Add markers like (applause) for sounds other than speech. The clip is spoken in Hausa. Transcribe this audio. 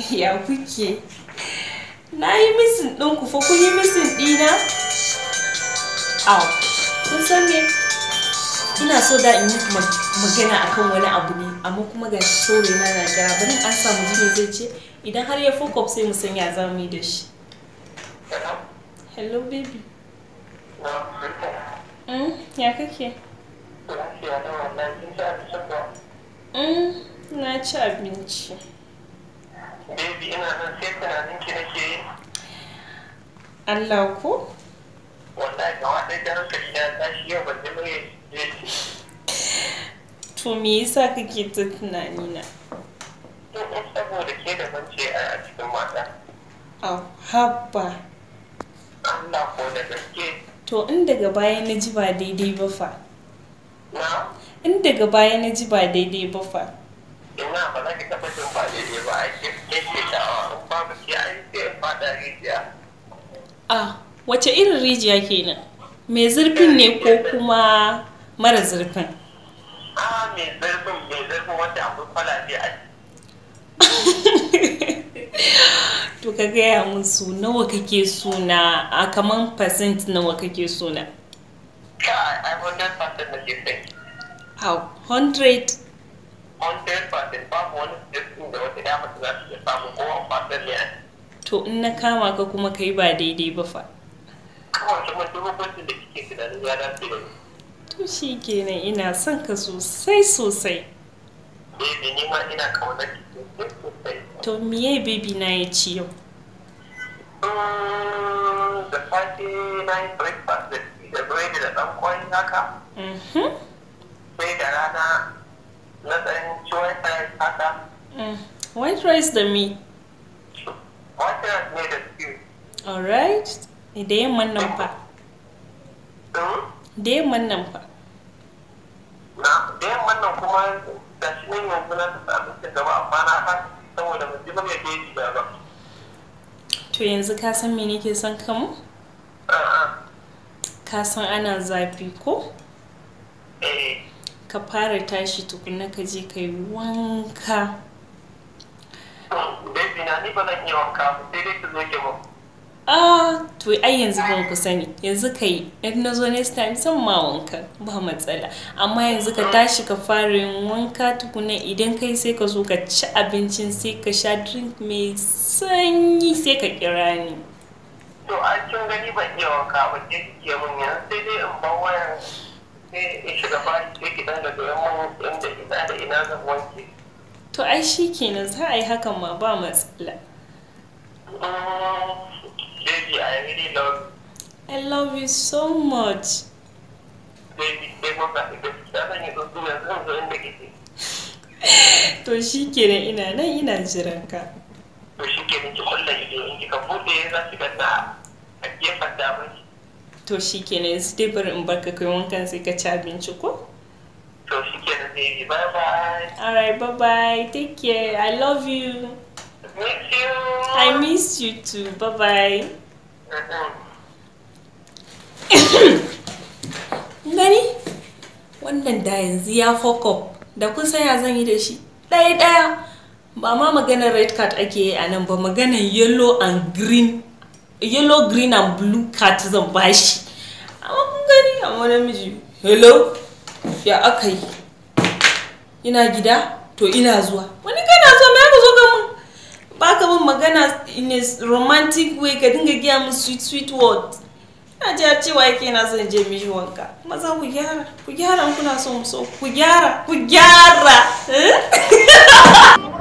(laughs) ya kuke na yi misin ɗinku fa kun yi misin ɗina au kun san me ina so da in yi magana akan wani abu ne amma kuma ga saurayi na na gara bari an samu jini zai ce idan har ya fokop sai mu san ya za mu yi da shi hello baby mm, ya kake mm, na ci abinci baby ina nan sai tunanin ki nake yi Allah ko wallahi gaba ɗaya da hankali na tashi yau ban ji mai to me yasa kake ta tunani na in saboda ke da bance a cikin mata au habba Allah ko da gaske to in daga baya na ji ba daidai ba fa Na? in daga baya na ji ba daidai ba fa ina ba za ka taɓa jin ba daidai ba a yake sha'awa in babu shi a yi rijiya. a wace irin rijiya kenan mai zurfin ne ko kuma mara zurfin a mai zurfin mai zurfin abu akwai ne a (laughs) to ka gaya musu nawa kake suna a kaman percent nawa kake suna ka a 100% na ke sai 100 babu da to in na kama ka kuma kai ba daidai ba fa To shi kenan ina son ka sosai sosai. ne ma ina kawo To miye baby na ya ci yau? Mm, da safe na yi breakfast da bread da ɗan kwai haka. Mm-hmm. Sai da rana Eh, white rice da me? White rice ne da stew. Alright. Da yamman nan fa? Da yamman nan fa? da yamman nan kuma da shi ne yanzu na tafi abincin gaba amma na haka saboda mun ji mun yake yi ba. To yanzu ka san me nake son ka kamu? Ka san ana zafi ko? Eh. Ka fara tashi tukuna ka je ka yi wanka. jikina ni ba zan iya wanka ba sai dai ki zo ki ba Ah, to ai yanzu ba ku sani yanzu kai in na zo next time san ma wanka ba matsala amma yanzu ka tashi ka fara yin wanka tukuna idan kai sai ka zo ka ci abincin sai ka sha drink mai sanyi sai ka kira ni to an kin gani ban iya wanka ba ke kike mun yanzu sai dai in ba wayan sai in shiga bayi sai ki dan da goyon ai shi kenan za a yi hakan ma ba matsala Baby, I really love you. I love you so much. To shi kenan ina nan ina jiran ka. To shi kenan ki kulla ido in kika bude za ki ga ta a gefen damar. To shi kenan yanzu dai bari in barka kai wankan sai ka ci abinci ko? she shi leave you. Bye bye. Alright, bye bye. Take care. I love you. Miss you. I miss you too. Bye bye. Mm-hmm. (coughs) Nani? Wannan da yanzu ya fuck up. Da kun san ya zan yi da shi. Ɗaya ɗaya. Ba ma maganar red card ake yi a nan ba maganar yellow and green. Yellow, green and blue card zan bashi. Amma kun gani amma namiji. Hello? ya aka yi ina gida to ina zuwa wani kana zuwa mai ka zo ga mu ba ka bin magana in a romantic way ka dinga giya mu sweet sweet word ina ji a cewa yake na son je mishi wanka kuma za ku gyara ku gyara kuna son so ku gyara ku gyara eh? (laughs)